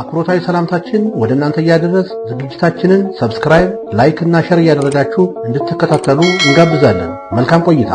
አክብሮታዊ ሰላምታችን ወደ እናንተ እያደረስ ዝግጅታችንን ሰብስክራይብ፣ ላይክ እና ሸር እያደረጋችሁ እንድትከታተሉ እንጋብዛለን። መልካም ቆይታ።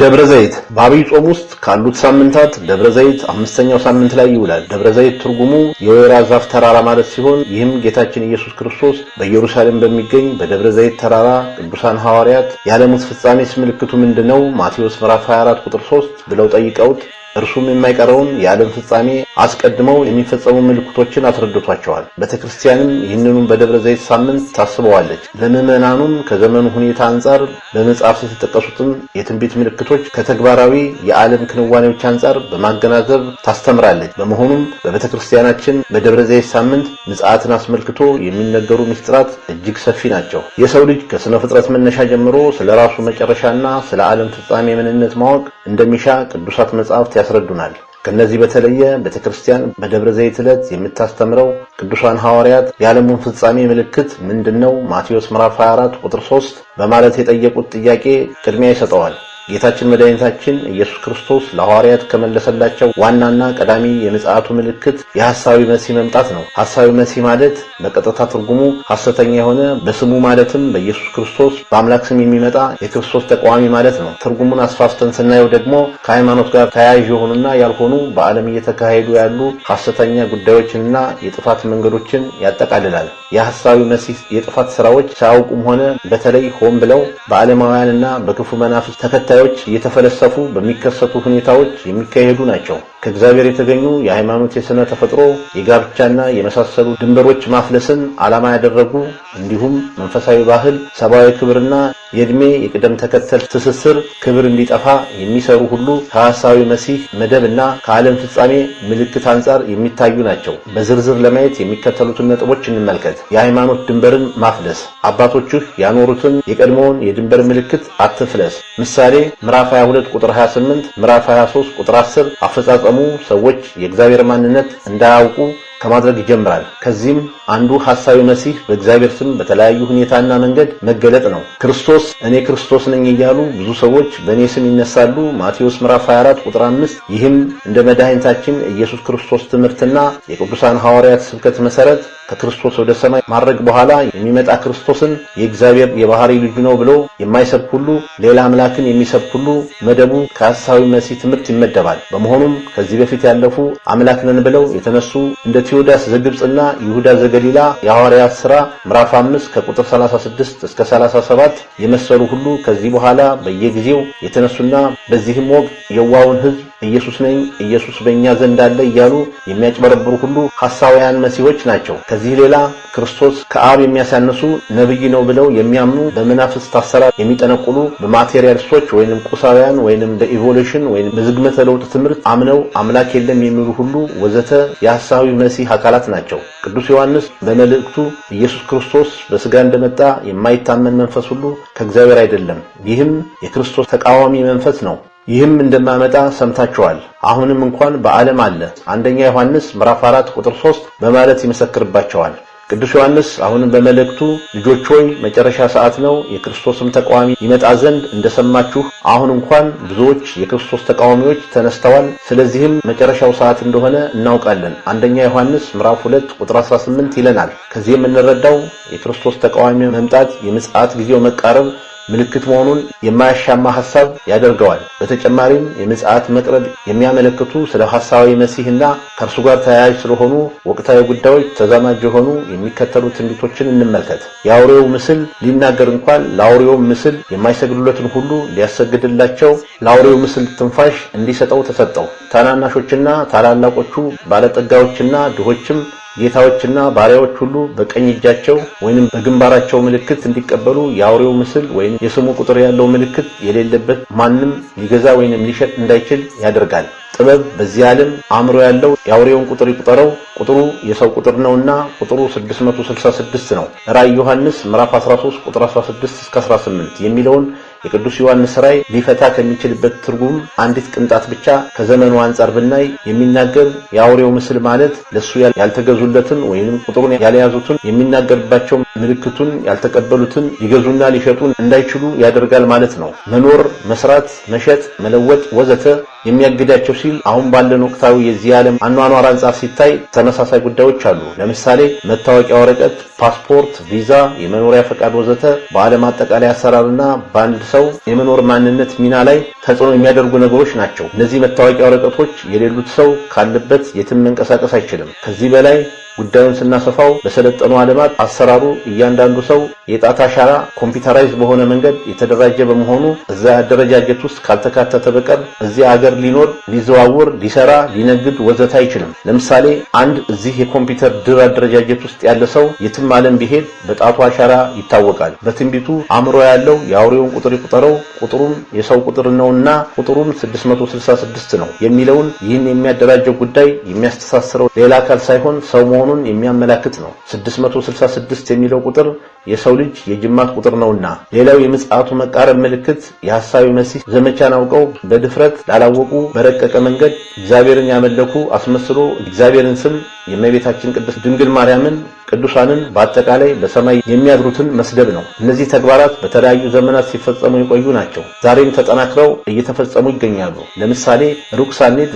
ደብረ ዘይት በአብይ ጾም ውስጥ ካሉት ሳምንታት ደብረ ዘይት አምስተኛው ሳምንት ላይ ይውላል። ደብረ ዘይት ትርጉሙ የወይራ ዛፍ ተራራ ማለት ሲሆን ይህም ጌታችን ኢየሱስ ክርስቶስ በኢየሩሳሌም በሚገኝ በደብረ ዘይት ተራራ ቅዱሳን ሐዋርያት የዓለሙት ፍጻሜስ ምልክቱ ምንድነው? ማቴዎስ ምዕራፍ 24 ቁጥር 3 ብለው ጠይቀውት እርሱም የማይቀረውን የዓለም ፍጻሜ አስቀድመው የሚፈጸሙ ምልክቶችን አስረድቷቸዋል። ቤተ ክርስቲያንም ይህንኑም በደብረ ዘይት ሳምንት ታስበዋለች። ለምዕመናኑም ከዘመኑ ሁኔታ አንጻር በመጽሐፍት የተጠቀሱትን የትንቢት ምልክቶች ከተግባራዊ የዓለም ክንዋኔዎች አንጻር በማገናዘብ ታስተምራለች። በመሆኑም በቤተ ክርስቲያናችን በደብረ ዘይት ሳምንት ምጽአትን አስመልክቶ የሚነገሩ ምስጢራት እጅግ ሰፊ ናቸው። የሰው ልጅ ከሥነ ፍጥረት መነሻ ጀምሮ ስለ ራሱ መጨረሻና ስለ ዓለም ፍጻሜ ምንነት ማወቅ እንደሚሻ ቅዱሳት መጽሐፍት ያስረዱናል። ከእነዚህ በተለየ ቤተ ክርስቲያን በደብረ ዘይት ዕለት የምታስተምረው ቅዱሳን ሐዋርያት የዓለሙን ፍጻሜ ምልክት ምንድን ነው ማቴዎስ ምዕራፍ 24 ቁጥር 3 በማለት የጠየቁት ጥያቄ ቅድሚያ ይሰጠዋል። ጌታችን መድኃኒታችን ኢየሱስ ክርስቶስ ለሐዋርያት ከመለሰላቸው ዋናና ቀዳሚ የምጽአቱ ምልክት የሐሳዊ መሲህ መምጣት ነው። ሐሳዊ መሲህ ማለት በቀጥታ ትርጉሙ ሐሰተኛ የሆነ በስሙ ማለትም በኢየሱስ ክርስቶስ በአምላክ ስም የሚመጣ የክርስቶስ ተቃዋሚ ማለት ነው። ትርጉሙን አስፋፍተን ስናየው ደግሞ ከሃይማኖት ጋር ተያያዥ የሆኑና ያልሆኑ በዓለም እየተካሄዱ ያሉ ሐሰተኛ ጉዳዮችንና የጥፋት መንገዶችን ያጠቃልላል። የሐሳዊ መሲህ የጥፋት ስራዎች ሳያውቁም ሆነ በተለይ ሆን ብለው በዓለማውያንና በክፉ መናፍስ ተከተ ተከታዮች እየተፈለሰፉ በሚከሰቱ ሁኔታዎች የሚካሄዱ ናቸው። ከእግዚአብሔር የተገኙ የሃይማኖት፣ የሥነ ተፈጥሮ፣ የጋብቻና የመሳሰሉ ድንበሮች ማፍለስን ዓላማ ያደረጉ እንዲሁም መንፈሳዊ ባህል፣ ሰብአዊ ክብርና የዕድሜ የቅደም ተከተል ትስስር ክብር እንዲጠፋ የሚሰሩ ሁሉ ከሐሳዊ መሲህ መደብ እና ከዓለም ፍጻሜ ምልክት አንጻር የሚታዩ ናቸው። በዝርዝር ለማየት የሚከተሉትን ነጥቦች እንመልከት። የሃይማኖት ድንበርን ማፍለስ አባቶችህ ያኖሩትን የቀድሞውን የድንበር ምልክት አትፍለስ። ምሳሌ ምዕራፍ 22 ቁጥር 28፣ ምዕራፍ 23 ቁጥር 10 አፈጻጸሙ ሰዎች የእግዚአብሔር ማንነት እንዳያውቁ ከማድረግ ይጀምራል። ከዚህም አንዱ ሐሳዊ መሲህ በእግዚአብሔር ስም በተለያዩ ሁኔታና መንገድ መገለጥ ነው። ክርስቶስ እኔ ክርስቶስ ነኝ እያሉ ብዙ ሰዎች በእኔ ስም ይነሳሉ። ማቴዎስ ምዕራፍ 24 ቁጥር 5። ይህም እንደ መድኃኒታችን ኢየሱስ ክርስቶስ ትምህርትና የቅዱሳን ሐዋርያት ስብከት መሠረት ከክርስቶስ ወደ ሰማይ ማድረግ በኋላ የሚመጣ ክርስቶስን የእግዚአብሔር የባህሪ ልጁ ነው ብሎ የማይሰብክ ሁሉ፣ ሌላ አምላክን የሚሰብክ ሁሉ መደቡ ከሐሳዊ መሲህ ትምህርት ይመደባል። በመሆኑም ከዚህ በፊት ያለፉ አምላክ ነን ብለው የተነሱ እንደ ዮዳስ ዘግብፅና ይሁዳ ዘገሊላ የሐዋርያት ሥራ ምዕራፍ 5 ከቁጥር 36 እስከ 37 የመሰሉ ሁሉ ከዚህ በኋላ በየጊዜው የተነሱና በዚህም ወግ የዋውን ሕዝብ ኢየሱስ ነኝ፣ ኢየሱስ በእኛ ዘንድ አለ እያሉ የሚያጭበረብሩ ሁሉ ሐሳውያን መሲሆች ናቸው። ከዚህ ሌላ ክርስቶስ ከአብ የሚያሳንሱ ነብይ ነው ብለው የሚያምኑ በመናፍስት አሰራር የሚጠነቁሉ በማቴሪያሊስቶች ወይንም ቁሳውያን ወይንም በኢቮሉሽን ወይንም በዝግመተ ለውጥ ትምህርት አምነው አምላክ የለም የሚሉ ሁሉ ወዘተ የሐሳዊ መሲህ አካላት ናቸው። ቅዱስ ዮሐንስ በመልእክቱ ኢየሱስ ክርስቶስ በስጋ እንደመጣ የማይታመን መንፈስ ሁሉ ከእግዚአብሔር አይደለም፣ ይህም የክርስቶስ ተቃዋሚ መንፈስ ነው ይህም እንደማመጣ ሰምታችኋል፣ አሁንም እንኳን በዓለም አለ፣ አንደኛ ዮሐንስ ምዕራፍ 4 ቁጥር 3 በማለት ይመሰክርባቸዋል። ቅዱስ ዮሐንስ አሁንም በመልእክቱ ልጆች ሆይ መጨረሻ ሰዓት ነው፣ የክርስቶስም ተቃዋሚ ይመጣ ዘንድ እንደሰማችሁ አሁን እንኳን ብዙዎች የክርስቶስ ተቃዋሚዎች ተነስተዋል፣ ስለዚህም መጨረሻው ሰዓት እንደሆነ እናውቃለን። አንደኛ ዮሐንስ ምዕራፍ 2 ቁጥር 18 ይለናል። ከዚህ የምንረዳው የክርስቶስ ተቃዋሚ መምጣት፣ የምጽአት ጊዜው መቃረብ ምልክት መሆኑን የማያሻማ ሐሳብ ያደርገዋል። በተጨማሪም የምጽአት መቅረብ የሚያመለክቱ ስለ ሐሳዊ መሲህና ከእርሱ ጋር ተያያዥ ስለሆኑ ወቅታዊ ጉዳዮች ተዛማጅ የሆኑ የሚከተሉ ትንቢቶችን እንመልከት። የአውሬው ምስል ሊናገር እንኳን ለአውሬውም ምስል የማይሰግዱለትን ሁሉ ሊያሰግድላቸው ለአውሬው ምስል ትንፋሽ እንዲሰጠው ተሰጠው። ታናናሾችና ታላላቆቹ ባለጠጋዎችና ድሆችም ጌታዎችና ባሪያዎች ሁሉ በቀኝ እጃቸው ወይንም በግንባራቸው ምልክት እንዲቀበሉ የአውሬው ምስል ወይም የስሙ ቁጥር ያለው ምልክት የሌለበት ማንም ሊገዛ ወይንም ሊሸጥ እንዳይችል ያደርጋል። ጥበብ በዚህ ዓለም አእምሮ ያለው የአውሬውን ቁጥር ይቁጠረው፣ ቁጥሩ የሰው ቁጥር ነውና ቁጥሩ 666 ነው። ራእይ ዮሐንስ ምዕራፍ 13 ቁጥር 16 እስከ 18 የሚለውን የቅዱስ ዮሐንስ ራእይ ሊፈታ ከሚችልበት ትርጉም አንዲት ቅንጣት ብቻ ከዘመኑ አንጻር ብናይ የሚናገር የአውሬው ምስል ማለት ለሱ ያልተገዙለትን ወይም ቁጥሩን ያልያዙትን የሚናገርባቸው ምልክቱን ያልተቀበሉትን ሊገዙና ሊሸጡ እንዳይችሉ ያደርጋል ማለት ነው። መኖር፣ መስራት፣ መሸጥ፣ መለወጥ ወዘተ የሚያግዳቸው ሲል አሁን ባለን ወቅታዊ የዚህ ዓለም አኗኗር አንጻር ሲታይ ተመሳሳይ ጉዳዮች አሉ። ለምሳሌ መታወቂያ ወረቀት፣ ፓስፖርት፣ ቪዛ፣ የመኖሪያ ፈቃድ ወዘተ በዓለም አጠቃላይ አሰራርና በአንድ ሰው የመኖር ማንነት ሚና ላይ ተጽዕኖ የሚያደርጉ ነገሮች ናቸው። እነዚህ መታወቂያ ወረቀቶች የሌሉት ሰው ካለበት የትም መንቀሳቀስ አይችልም። ከዚህ በላይ ጉዳዩን ስናሰፋው በሰለጠኑ ዓለማት አሰራሩ እያንዳንዱ ሰው የጣት አሻራ ኮምፒውተራይዝ በሆነ መንገድ የተደራጀ በመሆኑ እዛ አደረጃጀት ውስጥ ካልተካተተ በቀር እዚህ አገር ሊኖር ሊዘዋውር፣ ሊሰራ፣ ሊነግድ ወዘት አይችልም። ለምሳሌ አንድ እዚህ የኮምፒውተር ድር አደረጃጀት ውስጥ ያለ ሰው የትም ዓለም ቢሄድ በጣቱ አሻራ ይታወቃል። በትንቢቱ አእምሮ ያለው የአውሬውን ቁጥር ይቁጠረው፣ ቁጥሩም የሰው ቁጥር ነውና ቁጥሩም 666 ነው የሚለውን ይህን የሚያደራጀው ጉዳይ የሚያስተሳስረው ሌላ አካል ሳይሆን ሰው መሆኑን የሚያመላክት ነው። 666 የሚለው ቁጥር የሰው ልጅ የጅማት ቁጥር ነውና። ሌላው የምጽአቱ መቃረብ ምልክት የሐሳዊ መሲህ ዘመቻን አውቀው በድፍረት ላላወቁ በረቀቀ መንገድ እግዚአብሔርን ያመለኩ አስመስሎ እግዚአብሔርን ስም የእመቤታችን ቅድስት ድንግል ማርያምን ቅዱሳንን በአጠቃላይ በሰማይ የሚያድሩትን መስደብ ነው። እነዚህ ተግባራት በተለያዩ ዘመናት ሲፈጸሙ የቆዩ ናቸው። ዛሬም ተጠናክረው እየተፈጸሙ ይገኛሉ። ለምሳሌ ሩቅ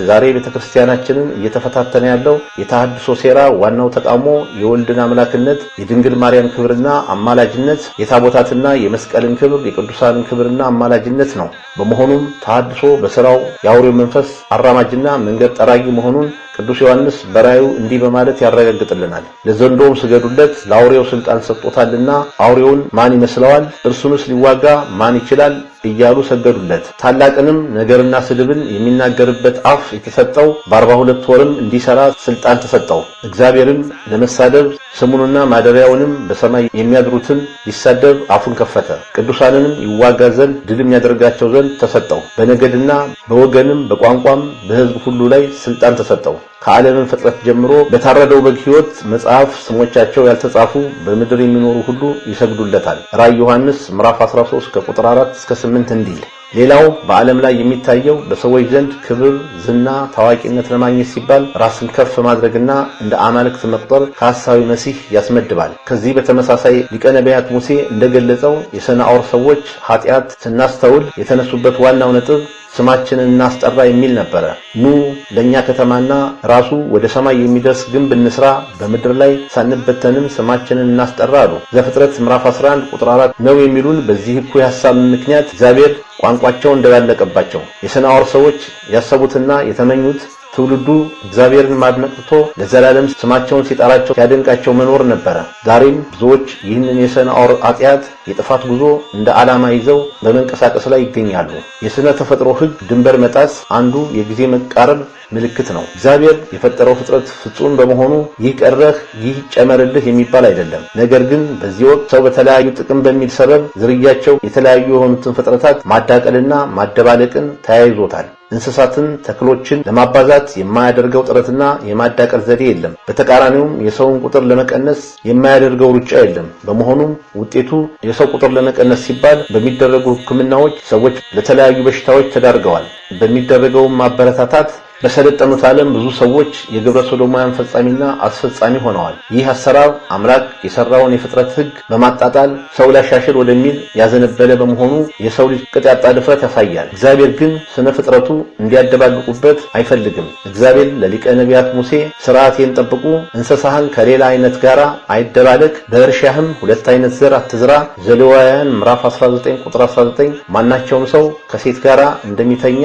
ዛሬ ቤተ ክርስቲያናችንን እየተፈታተነ ያለው የተሃድሶ ሴራ ዋናው ተቃውሞ የወልድን አምላክነት፣ የድንግል ማርያም ክብርና አማላጅነት፣ የታቦታትና የመስቀልን ክብር፣ የቅዱሳንን ክብርና አማላጅነት ነው። በመሆኑም ተሃድሶ በስራው የአውሬው መንፈስ አራማጅና መንገድ ጠራጊ መሆኑን ቅዱስ ዮሐንስ በራዩ እንዲህ በማለት ያረጋግጥልናል። ለዘንዶም ስገዱለት ለአውሬው ስልጣን ሰጥቶታልና አውሬውን ማን ይመስለዋል? እርሱንስ ሊዋጋ ማን ይችላል? እያሉ ሰገዱለት። ታላቅንም ነገርና ስድብን የሚናገርበት አፍ የተሰጠው በአርባ ሁለት ወርም እንዲሰራ ስልጣን ተሰጠው። እግዚአብሔርን ለመሳደብ ስሙንና ማደሪያውንም በሰማይ የሚያድሩትን ሊሳደብ አፉን ከፈተ። ቅዱሳንንም ይዋጋ ዘንድ ድልም ያደርጋቸው ዘንድ ተሰጠው። በነገድና በወገንም በቋንቋም በሕዝብ ሁሉ ላይ ስልጣን ተሰጠው። ከዓለምን ፍጥረት ጀምሮ በታረደው በግ ሕይወት መጽሐፍ ስሞቻቸው ያልተጻፉ በምድር የሚኖሩ ሁሉ ይሰግዱለታል። ራእይ ዮሐንስ ምዕራፍ 13 ከቁጥር 4 እስከ 8 من تنبيله ሌላው በዓለም ላይ የሚታየው በሰዎች ዘንድ ክብር፣ ዝና፣ ታዋቂነት ለማግኘት ሲባል ራስን ከፍ ማድረግና እንደ አማልክት መቁጠር ከሐሳዊ መሲህ ያስመድባል። ከዚህ በተመሳሳይ ሊቀ ነቢያት ሙሴ እንደገለጸው የሰናኦር ሰዎች ኃጢአት ስናስተውል የተነሱበት ዋናው ነጥብ ስማችንን እናስጠራ የሚል ነበረ። ኑ ለእኛ ከተማና ራሱ ወደ ሰማይ የሚደርስ ግንብ እንስራ፣ በምድር ላይ ሳንበተንም ስማችንን እናስጠራ አሉ። ዘፍጥረት ምዕራፍ 11 ቁጥር 4 ነው የሚሉን በዚህ እኩይ ሐሳብ ምክንያት እግዚአብሔር ቋንቋ ቋንቋቸው ደባለቀባቸው። የሰናወር ሰዎች ያሰቡትና የተመኙት ትውልዱ እግዚአብሔርን ማድነቅ ትቶ ለዘላለም ስማቸውን ሲጠራቸው ሲያደንቃቸው መኖር ነበረ። ዛሬም ብዙዎች ይህንን የሰናዖር ኃጢአት የጥፋት ጉዞ እንደ ዓላማ ይዘው በመንቀሳቀስ ላይ ይገኛሉ። የሥነ ተፈጥሮ ሕግ ድንበር መጣስ አንዱ የጊዜ መቃረብ ምልክት ነው። እግዚአብሔር የፈጠረው ፍጥረት ፍጹም በመሆኑ ይህ ቀረህ ይህ ጨመርልህ የሚባል አይደለም። ነገር ግን በዚህ ወቅት ሰው በተለያዩ ጥቅም በሚል ሰበብ ዝርያቸው የተለያዩ የሆኑትን ፍጥረታት ማዳቀልና ማደባለቅን ተያይዞታል። እንስሳትን፣ ተክሎችን ለማባዛት የማያደርገው ጥረትና የማዳቀል ዘዴ የለም። በተቃራኒውም የሰውን ቁጥር ለመቀነስ የማያደርገው ሩጫ የለም። በመሆኑም ውጤቱ የሰው ቁጥር ለመቀነስ ሲባል በሚደረጉ ሕክምናዎች ሰዎች ለተለያዩ በሽታዎች ተዳርገዋል። በሚደረገውም ማበረታታት በሰለጠኑት ዓለም ብዙ ሰዎች የግብረ ሶዶማውያን ፈጻሚና አስፈጻሚ ሆነዋል። ይህ አሰራር አምላክ የሰራውን የፍጥረት ሕግ በማጣጣል ሰው ላሻሽል ወደሚል ያዘነበለ በመሆኑ የሰው ልጅ ቅጥ ያጣ ድፍረት ያሳያል። እግዚአብሔር ግን ስነ ፍጥረቱ እንዲያደባልቁበት አይፈልግም። እግዚአብሔር ለሊቀ ነቢያት ሙሴ ስርዓቴን ጠብቁ፣ እንስሳህን ከሌላ አይነት ጋር አይደባለቅ፣ በእርሻህም ሁለት አይነት ዘር አትዝራ፣ ዘሌዋውያን ምዕራፍ 19 ቁጥር 19 ማናቸውም ሰው ከሴት ጋር እንደሚተኛ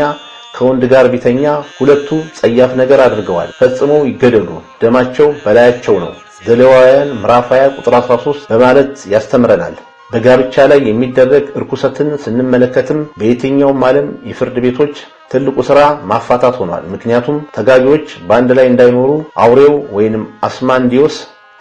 ከወንድ ጋር ቢተኛ ሁለቱ ጸያፍ ነገር አድርገዋል፣ ፈጽሞ ይገደሉ፣ ደማቸው በላያቸው ነው። ዘሌዋውያን ምዕራፍ 20 ቁጥር 13 በማለት ያስተምረናል። በጋብቻ ላይ የሚደረግ እርኩሰትን ስንመለከትም በየትኛውም ዓለም የፍርድ ቤቶች ትልቁ ስራ ማፋታት ሆኗል። ምክንያቱም ተጋቢዎች በአንድ ላይ እንዳይኖሩ አውሬው ወይንም አስማንዲዮስ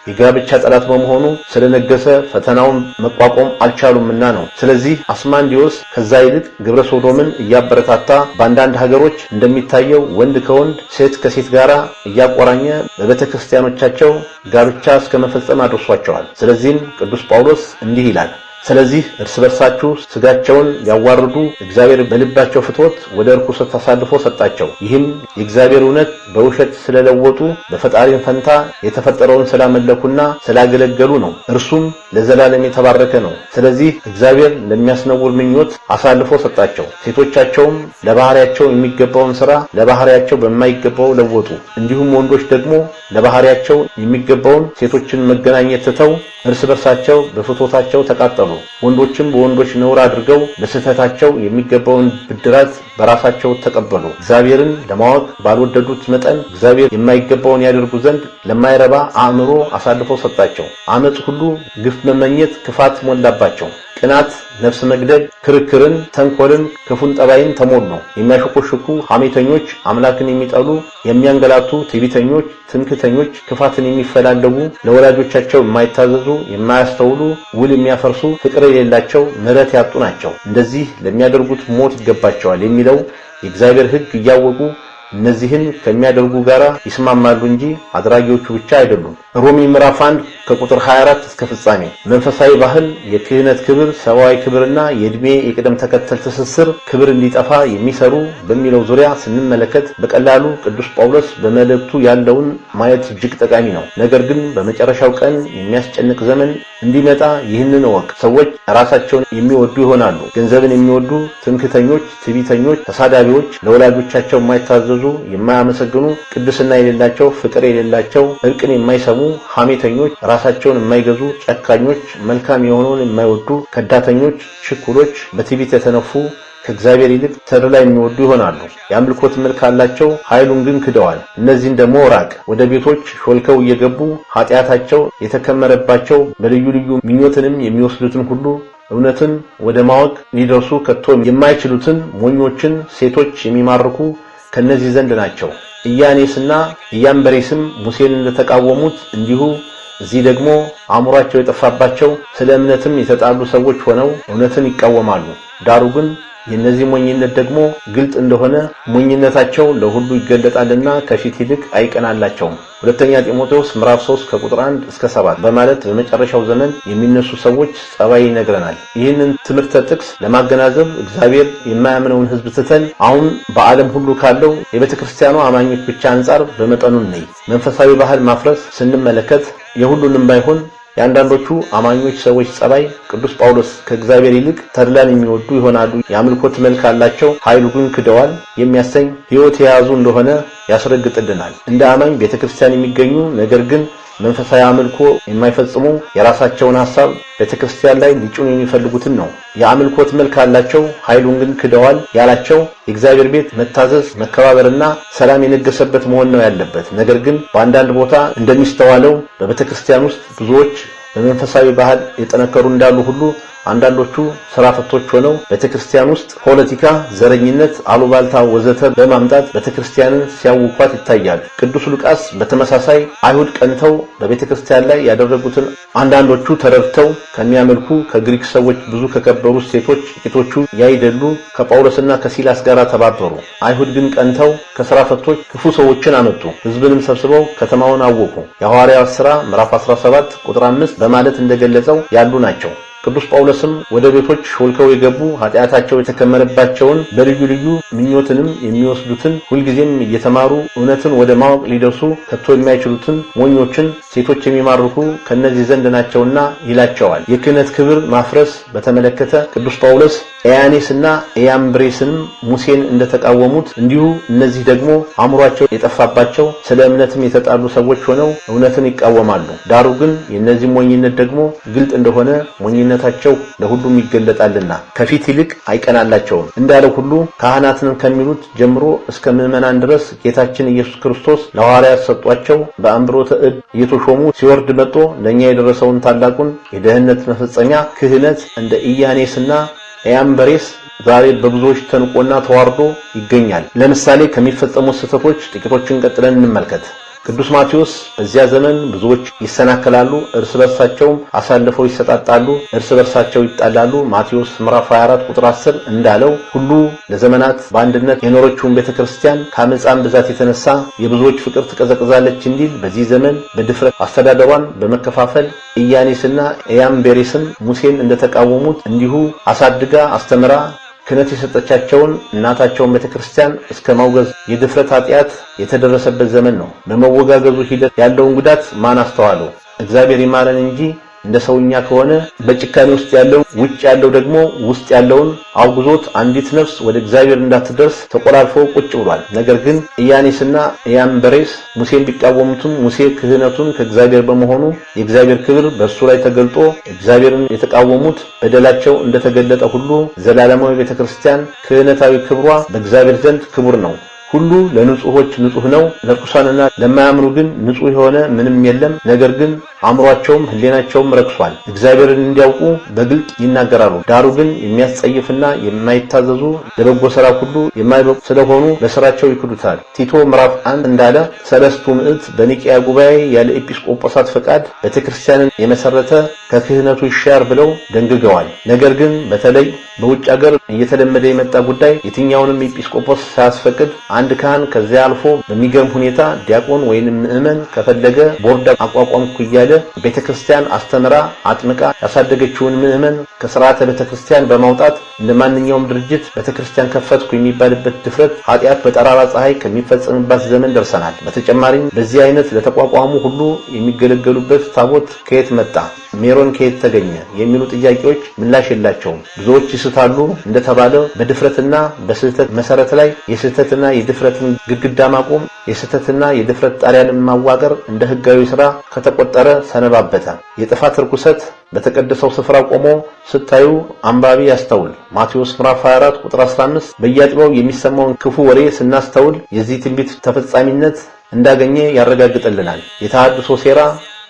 የጋብቻ ጠላት በመሆኑ ስለነገሰ ፈተናውን መቋቋም አልቻሉምና ነው። ስለዚህ አስማንዲዮስ ከዛ ይልቅ ግብረ ሶዶምን እያበረታታ በአንዳንድ ሀገሮች እንደሚታየው ወንድ ከወንድ ሴት ከሴት ጋር እያቆራኘ በቤተ ክርስቲያኖቻቸው ጋብቻ እስከ መፈጸም አድርሷቸዋል። ስለዚህም ቅዱስ ጳውሎስ እንዲህ ይላል ስለዚህ እርስ በርሳችሁ ስጋቸውን ያዋርዱ፣ እግዚአብሔር በልባቸው ፍትወት ወደ እርኩሰት አሳልፎ ሰጣቸው። ይህም የእግዚአብሔር እውነት በውሸት ስለለወጡ በፈጣሪን ፈንታ የተፈጠረውን ስላመለኩና ስላገለገሉ ነው። እርሱም ለዘላለም የተባረከ ነው። ስለዚህ እግዚአብሔር ለሚያስነውር ምኞት አሳልፎ ሰጣቸው። ሴቶቻቸውም ለባህሪያቸው የሚገባውን ስራ ለባህሪያቸው በማይገባው ለወጡ። እንዲሁም ወንዶች ደግሞ ለባህሪያቸው የሚገባውን ሴቶችን መገናኘት ትተው እርስ በርሳቸው በፍትወታቸው ተቃጠሉ። ነው። ወንዶችም በወንዶች ነውር አድርገው ለስህተታቸው የሚገባውን ብድራት በራሳቸው ተቀበሉ። እግዚአብሔርን ለማወቅ ባልወደዱት መጠን እግዚአብሔር የማይገባውን ያደርጉ ዘንድ ለማይረባ አእምሮ አሳልፎ ሰጣቸው። አመፅ ሁሉ፣ ግፍ መመኘት፣ ክፋት ሞላባቸው። ቅናት፣ ነፍስ መግደል፣ ክርክርን፣ ተንኮልን፣ ክፉን ጠባይን ተሞል ነው። የሚያሾኮሽኩ ሐሜተኞች፣ አምላክን የሚጠሉ የሚያንገላቱ፣ ትዕቢተኞች፣ ትምክተኞች፣ ክፋትን የሚፈላለጉ፣ ለወላጆቻቸው የማይታዘዙ፣ የማያስተውሉ፣ ውል የሚያፈርሱ፣ ፍቅር የሌላቸው፣ ምሕረት ያጡ ናቸው። እንደዚህ ለሚያደርጉት ሞት ይገባቸዋል የሚለው የእግዚአብሔር ሕግ እያወቁ እነዚህን ከሚያደርጉ ጋር ይስማማሉ እንጂ አድራጊዎቹ ብቻ አይደሉም። ሮሚ ምዕራፍ 1 ከቁጥር 24 እስከ ፍጻሜ መንፈሳዊ ባህል የክህነት ክብር፣ ሰብአዊ ክብርና የዕድሜ የቅደም ተከተል ትስስር ክብር እንዲጠፋ የሚሰሩ በሚለው ዙሪያ ስንመለከት በቀላሉ ቅዱስ ጳውሎስ በመልእክቱ ያለውን ማየት እጅግ ጠቃሚ ነው። ነገር ግን በመጨረሻው ቀን የሚያስጨንቅ ዘመን እንዲመጣ ይህንን እወቅ። ሰዎች ራሳቸውን የሚወዱ ይሆናሉ፣ ገንዘብን የሚወዱ፣ ትምክተኞች፣ ትቢተኞች፣ ተሳዳቢዎች፣ ለወላጆቻቸው የማይታዘዙ፣ የማያመሰግኑ፣ ቅድስና የሌላቸው፣ ፍቅር የሌላቸው፣ እርቅን የማይሰሙ የታመሙ ሐሜተኞች፣ ራሳቸውን የማይገዙ ጨካኞች፣ መልካም የሆነውን የማይወዱ ከዳተኞች፣ ችኩሎች፣ በትዕቢት የተነፉ ከእግዚአብሔር ይልቅ ተድላ የሚወዱ ይሆናሉ። የአምልኮት መልክ አላቸው፣ ኃይሉን ግን ክደዋል። እነዚህን ደግሞ ራቅ። ወደ ቤቶች ሾልከው እየገቡ ኃጢአታቸው የተከመረባቸው በልዩ ልዩ ምኞትንም የሚወስዱትን ሁሉ እውነትን ወደ ማወቅ ሊደርሱ ከቶ የማይችሉትን ሞኞችን ሴቶች የሚማርኩ ከእነዚህ ዘንድ ናቸው። ኢያኔስና ኢያምበሬስም ሙሴን እንደተቃወሙት እንዲሁ እዚህ ደግሞ አእምሯቸው የጠፋባቸው ስለ እምነትም የተጣሉ ሰዎች ሆነው እውነትን ይቃወማሉ። ዳሩ ግን የእነዚህ ሞኝነት ደግሞ ግልጥ እንደሆነ ሞኝነታቸው ለሁሉ ይገለጣልና ከፊት ይልቅ አይቀናላቸውም። ሁለተኛ ጢሞቴዎስ ምዕራፍ 3 ከቁጥር 1 እስከ 7 በማለት በመጨረሻው ዘመን የሚነሱ ሰዎች ጸባይ ይነግረናል። ይህንን ትምህርተ ጥቅስ ለማገናዘብ እግዚአብሔር የማያምነውን ሕዝብ ትተን አሁን በዓለም ሁሉ ካለው የቤተ ክርስቲያኑ አማኞች ብቻ አንጻር በመጠኑ እንይ። መንፈሳዊ ባህል ማፍረስ ስንመለከት የሁሉንም ባይሆን የአንዳንዶቹ አማኞች ሰዎች ጸባይ ቅዱስ ጳውሎስ ከእግዚአብሔር ይልቅ ተድላን የሚወዱ ይሆናሉ፣ የአምልኮት መልክ አላቸው፣ ኃይሉ ግን ክደዋል የሚያሰኝ ሕይወት የያዙ እንደሆነ ያስረግጥልናል። እንደ አማኝ ቤተ ክርስቲያን የሚገኙ ነገር ግን መንፈሳዊ አምልኮ የማይፈጽሙ የራሳቸውን ሐሳብ ቤተክርስቲያን ላይ ሊጭኑ የሚፈልጉትን ነው። የአምልኮት መልክ አላቸው፣ ኃይሉን ግን ክደዋል ያላቸው የእግዚአብሔር ቤት መታዘዝ፣ መከባበርና ሰላም የነገሰበት መሆን ነው ያለበት። ነገር ግን በአንዳንድ ቦታ እንደሚስተዋለው በቤተክርስቲያን ውስጥ ብዙዎች በመንፈሳዊ ባህል የጠነከሩ እንዳሉ ሁሉ አንዳንዶቹ ስራ ፈቶች ሆነው ቤተክርስቲያን ውስጥ ፖለቲካ፣ ዘረኝነት፣ አሉባልታ ወዘተ በማምጣት ቤተክርስቲያንን ሲያውኳት ይታያል። ቅዱስ ሉቃስ በተመሳሳይ አይሁድ ቀንተው በቤተክርስቲያን ላይ ያደረጉትን አንዳንዶቹ ተረድተው ከሚያመልኩ ከግሪክ ሰዎች ብዙ ከከበሩ ሴቶች ጥቂቶቹ ያይደሉ ከጳውሎስና ከሲላስ ጋር ተባበሩ። አይሁድ ግን ቀንተው ከስራ ፈቶች ክፉ ሰዎችን አመጡ። ህዝብንም ሰብስበው ከተማውን አወቁ። የሐዋርያት ሥራ ምዕራፍ 17 ቁጥር 5 በማለት እንደገለጸው ያሉ ናቸው። ቅዱስ ጳውሎስም ወደ ቤቶች ሾልከው የገቡ ኃጢአታቸው የተከመረባቸውን በልዩ ልዩ ምኞትንም የሚወስዱትን ሁልጊዜም እየተማሩ እውነትን ወደ ማወቅ ሊደርሱ ከቶ የማይችሉትን ሞኞችን ሴቶች የሚማርኩ ከእነዚህ ዘንድ ናቸውና ይላቸዋል። የክህነት ክብር ማፍረስ በተመለከተ ቅዱስ ጳውሎስ ኤያኔስና ኤያምብሬስንም ሙሴን እንደተቃወሙት እንዲሁ እነዚህ ደግሞ አእምሯቸው የጠፋባቸው ስለ እምነትም የተጣሉ ሰዎች ሆነው እውነትን ይቃወማሉ። ዳሩ ግን የእነዚህ ሞኝነት ደግሞ ግልጥ እንደሆነ ሞኝነት ማንነታቸው ለሁሉም ይገለጣልና ከፊት ይልቅ አይቀናላቸውም እንዳለው ሁሉ ካህናትን ከሚሉት ጀምሮ እስከ ምዕመናን ድረስ ጌታችን ኢየሱስ ክርስቶስ ለሐዋርያት ሰጧቸው። በአንብሮተ እድ እየተሾሙ ሲወርድ መጦ ለእኛ የደረሰውን ታላቁን የደህንነት መፈጸሚያ ክህነት እንደ ኢያኔስና ኢያምበሬስ ዛሬ በብዙዎች ተንቆና ተዋርዶ ይገኛል። ለምሳሌ ከሚፈጸሙት ስህተቶች ጥቂቶችን ቀጥለን እንመልከት። ቅዱስ ማቴዎስ በዚያ ዘመን ብዙዎች ይሰናከላሉ፣ እርስ በርሳቸውም አሳልፈው ይሰጣጣሉ፣ እርስ በርሳቸው ይጣላሉ። ማቴዎስ ምዕራፍ 24 ቁጥር 10 እንዳለው ሁሉ ለዘመናት በአንድነት የኖረችውን ቤተ ክርስቲያን ከአመፃም ብዛት የተነሳ የብዙዎች ፍቅር ትቀዘቅዛለች እንዲል በዚህ ዘመን በድፍረት አስተዳደሯን በመከፋፈል ኢያኔስና ኢያምቤሬስም ሙሴን እንደተቃወሙት እንዲሁ አሳድጋ አስተምራ ክህነት የሰጠቻቸውን እናታቸውን ቤተ ክርስቲያን እስከ መውገዝ የድፍረት ኃጢአት የተደረሰበት ዘመን ነው። በመወጋገዙ ሂደት ያለውን ጉዳት ማን አስተዋለው? እግዚአብሔር ይማረን እንጂ እንደ ሰውኛ ከሆነ በጭካኔ ውስጥ ያለው ውጭ ያለው ደግሞ ውስጥ ያለውን አውግዞት አንዲት ነፍስ ወደ እግዚአብሔር እንዳትደርስ ተቆላልፎ ቁጭ ብሏል። ነገር ግን ኢያኔስና ኢያንበሬስ ሙሴን ቢቃወሙትም ሙሴ ክህነቱን ከእግዚአብሔር በመሆኑ የእግዚአብሔር ክብር በእርሱ ላይ ተገልጦ እግዚአብሔርን የተቃወሙት በደላቸው እንደተገለጠ ሁሉ ዘላለማዊ ቤተክርስቲያን ክህነታዊ ክብሯ በእግዚአብሔር ዘንድ ክቡር ነው። ሁሉ ለንጹሆች ንጹህ ነው፣ ለርኩሳንና ለማያምኑ ግን ንጹህ የሆነ ምንም የለም። ነገር ግን አእምሯቸውም ህሌናቸውም ረክሷል። እግዚአብሔርን እንዲያውቁ በግልጥ ይናገራሉ። ዳሩ ግን የሚያስጸይፍና የማይታዘዙ ለበጎ ሥራ ሁሉ የማይበቁ ስለሆኑ በስራቸው ይክዱታል። ቲቶ ምዕራፍ አንድ እንዳለ ሰለስቱ ምዕት በኒቅያ ጉባኤ ያለ ኤጲስቆጶሳት ፈቃድ ቤተክርስቲያንን የመሰረተ ከክህነቱ ይሻር ብለው ደንግገዋል። ነገር ግን በተለይ በውጭ አገር እየተለመደ የመጣ ጉዳይ የትኛውንም ኤጲስቆጶስ ሳያስፈቅድ አንድ ካህን ከዚያ አልፎ በሚገርም ሁኔታ ዲያቆን ወይንም ምእመን ከፈለገ ቦርድ አቋቋምኩ እያለ ቤተክርስቲያን አስተምራ አጥምቃ ያሳደገችውን ምእመን ከስርዓተ ቤተክርስቲያን በማውጣት እንደ ማንኛውም ድርጅት ቤተክርስቲያን ከፈትኩ የሚባልበት ድፍረት ኃጢአት በጠራራ ፀሐይ ከሚፈጸምባት ዘመን ደርሰናል። በተጨማሪም በዚህ አይነት ለተቋቋሙ ሁሉ የሚገለገሉበት ታቦት ከየት መጣ? ሜሮን ከየት ተገኘ የሚሉ ጥያቄዎች ምላሽ የላቸውም። ብዙዎች ይስታሉ። እንደተባለ በድፍረትና በስህተት መሰረት ላይ የስህተትና የድፍረትን ግድግዳ ማቆም፣ የስህተትና የድፍረት ጣሪያን ማዋገር እንደ ህጋዊ ሥራ ከተቆጠረ ሰነባበተ። የጥፋት ርኩሰት በተቀደሰው ስፍራ ቆሞ ስታዩ አንባቢ ያስተውል። ማቴዎስ ምዕራፍ 24 ቁጥር 15 በየአጥቢያው የሚሰማውን ክፉ ወሬ ስናስተውል የዚህ ትንቢት ተፈጻሚነት እንዳገኘ ያረጋግጥልናል። የተሃድሶ ሴራ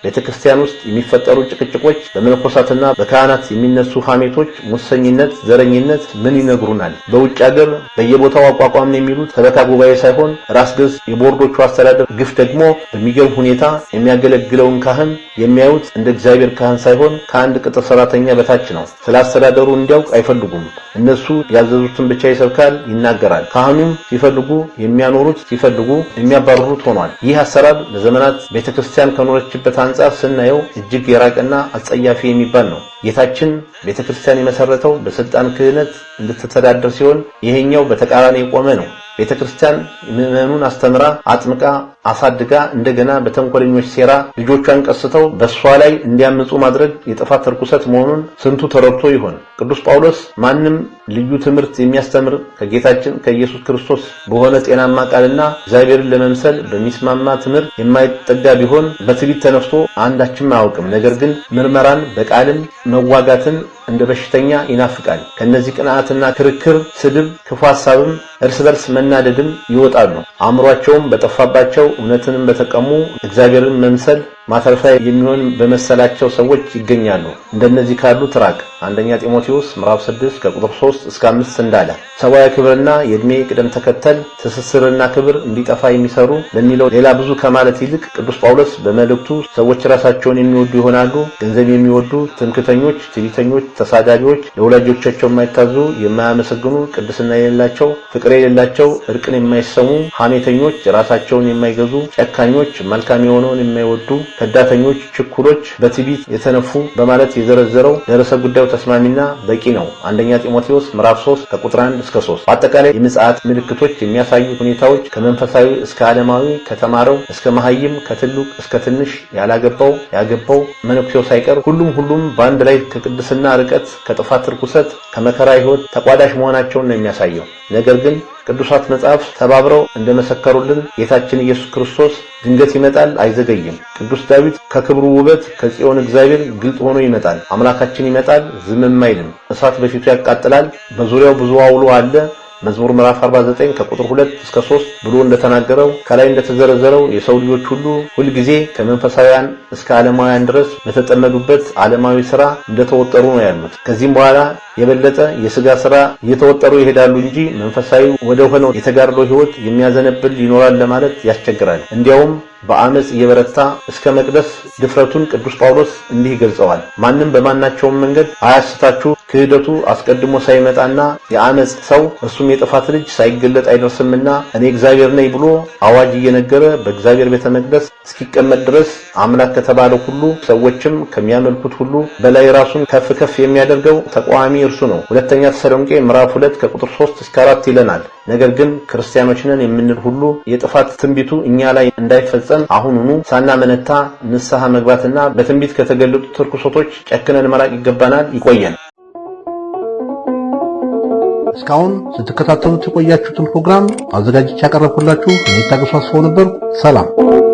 ቤተ ክርስቲያን ውስጥ የሚፈጠሩ ጭቅጭቆች፣ በመነኮሳትና በካህናት የሚነሱ ሐሜቶች፣ ሙሰኝነት፣ ዘረኝነት ምን ይነግሩናል? በውጭ ሀገር በየቦታው አቋቋምን የሚሉት ሰበካ ጉባኤ ሳይሆን ራስ ገዝ የቦርዶቹ አስተዳደር ግፍ ደግሞ በሚገርም ሁኔታ የሚያገለግለውን ካህን የሚያዩት እንደ እግዚአብሔር ካህን ሳይሆን ከአንድ ቅጥር ሰራተኛ በታች ነው። ስለ አስተዳደሩ እንዲያውቅ አይፈልጉም። እነሱ ያዘዙትን ብቻ ይሰብካል፣ ይናገራል። ካህኑም ሲፈልጉ የሚያኖሩት ሲፈልጉ የሚያባርሩት ሆኗል። ይህ አሰራር ለዘመናት ቤተክርስቲያን ከኖረችበት አንጻር ስናየው እጅግ የራቀና አጸያፊ የሚባል ነው። ጌታችን ቤተክርስቲያን የመሰረተው በስልጣን ክህነት እንድትተዳደር ሲሆን፣ ይሄኛው በተቃራኒ የቆመ ነው። ቤተ ክርስቲያን ምዕመኑን አስተምራ አጥምቃ አሳድጋ እንደገና በተንኮለኞች ሴራ ልጆቿን ቀስተው በእሷ ላይ እንዲያምፁ ማድረግ የጥፋት ርኩሰት መሆኑን ስንቱ ተረድቶ ይሆን? ቅዱስ ጳውሎስ ማንም ልዩ ትምህርት የሚያስተምር ከጌታችን ከኢየሱስ ክርስቶስ በሆነ ጤናማ ቃልና እግዚአብሔርን ለመምሰል በሚስማማ ትምህርት የማይጠጋ ቢሆን በትዕቢት ተነፍቶ አንዳችም አያውቅም፣ ነገር ግን ምርመራን በቃልም መዋጋትን እንደ በሽተኛ ይናፍቃል። ከእነዚህ ቅንዓትና ክርክር፣ ስድብ፣ ክፉ ሀሳብም እርስ በርስ በመናደድም ይወጣሉ። አእምሯቸውም በጠፋባቸው እውነትንም በተቀሙ እግዚአብሔርን መምሰል ማተርፊያ የሚሆን በመሰላቸው ሰዎች ይገኛሉ። እንደነዚህ ካሉ ትራቅ። አንደኛ ጢሞቴዎስ ምዕራፍ 6 ከቁጥር 3 እስከ 5 እንዳለ ሰብአዊ ክብርና የዕድሜ ቅደም ተከተል ትስስርና ክብር እንዲጠፋ የሚሰሩ ለሚለው ሌላ ብዙ ከማለት ይልቅ ቅዱስ ጳውሎስ በመልእክቱ ሰዎች ራሳቸውን የሚወዱ ይሆናሉ፣ ገንዘብ የሚወዱ፣ ትምክተኞች፣ ትዕቢተኞች፣ ተሳዳቢዎች፣ ለወላጆቻቸው የማይታዙ፣ የማያመሰግኑ፣ ቅድስና የሌላቸው፣ ፍቅር የሌላቸው፣ እርቅን የማይሰሙ ሐሜተኞች፣ ራሳቸውን የማይገዙ ጨካኞች፣ መልካም የሆነውን የማይወዱ ከዳተኞች፣ ችኩሎች፣ በትዕቢት የተነፉ በማለት የዘረዘረው ደረሰ ጉዳዩ ተስማሚና በቂ ነው። አንደኛ ጢሞቴዎስ ምዕራፍ 3 ከቁጥር 1 እስከ 3። በአጠቃላይ የምጽአት ምልክቶች የሚያሳዩ ሁኔታዎች ከመንፈሳዊ እስከ ዓለማዊ፣ ከተማረው እስከ መሐይም፣ ከትልቅ እስከ ትንሽ፣ ያላገባው ያገባው፣ መነኩሴው ሳይቀር ሁሉም ሁሉም በአንድ ላይ ከቅድስና ርቀት፣ ከጥፋት ርኩሰት፣ ከመከራ ሕይወት ተቋዳሽ መሆናቸውን ነው የሚያሳየው ነገር ግን ቅዱሳት መጽሐፍ ተባብረው እንደመሰከሩልን ጌታችን ኢየሱስ ክርስቶስ ድንገት ይመጣል፣ አይዘገይም። ቅዱስ ዳዊት ከክብሩ ውበት ከጽዮን እግዚአብሔር ግልጽ ሆኖ ይመጣል፣ አምላካችን ይመጣል፣ ዝምም አይልም፣ እሳት በፊቱ ያቃጥላል፣ በዙሪያው ብዙ አውሎ አለ። መዝሙር ምዕራፍ 49 ከቁጥር 2 እስከ 3 ብሎ እንደተናገረው ከላይ እንደተዘረዘረው የሰው ልጆች ሁሉ ሁልጊዜ ከመንፈሳውያን እስከ ዓለማውያን ድረስ በተጠመዱበት ዓለማዊ ሥራ እንደተወጠሩ ነው ያሉት። ከዚህም በኋላ የበለጠ የስጋ ስራ እየተወጠሩ ይሄዳሉ እንጂ መንፈሳዊ ወደ ሆነው የተጋድሎ ህይወት የሚያዘነብል ይኖራል ለማለት ያስቸግራል። እንዲያውም በአመፅ እየበረታ እስከ መቅደስ ድፍረቱን ቅዱስ ጳውሎስ እንዲህ ገልጸዋል። ማንም በማናቸውም መንገድ አያስታችሁ፣ ክህደቱ አስቀድሞ ሳይመጣና የአመፅ ሰው እርሱም የጥፋት ልጅ ሳይገለጥ አይደርስምና እኔ እግዚአብሔር ነኝ ብሎ አዋጅ እየነገረ በእግዚአብሔር ቤተ መቅደስ እስኪቀመጥ ድረስ አምላክ ከተባለው ሁሉ ሰዎችም ከሚያመልኩት ሁሉ በላይ ራሱን ከፍ ከፍ የሚያደርገው ተቃዋሚ እርሱ ነው። ሁለተኛ ተሰሎንቄ ምዕራፍ 2 ከቁጥር 3 እስከ 4 ይለናል። ነገር ግን ክርስቲያኖች ነን የምንል ሁሉ የጥፋት ትንቢቱ እኛ ላይ እንዳይፈጸም አሁኑኑ ሳናመነታ ንስሐ መግባትና በትንቢት ከተገለጡ ትርኩሶቶች ጨክነን መራቅ ይገባናል። ይቆየን። እስካሁን ስትከታተሉት የቆያችሁትን ፕሮግራም አዘጋጅቼ ያቀረብኩላችሁ እኔ ታገሱ ነበር። ሰላም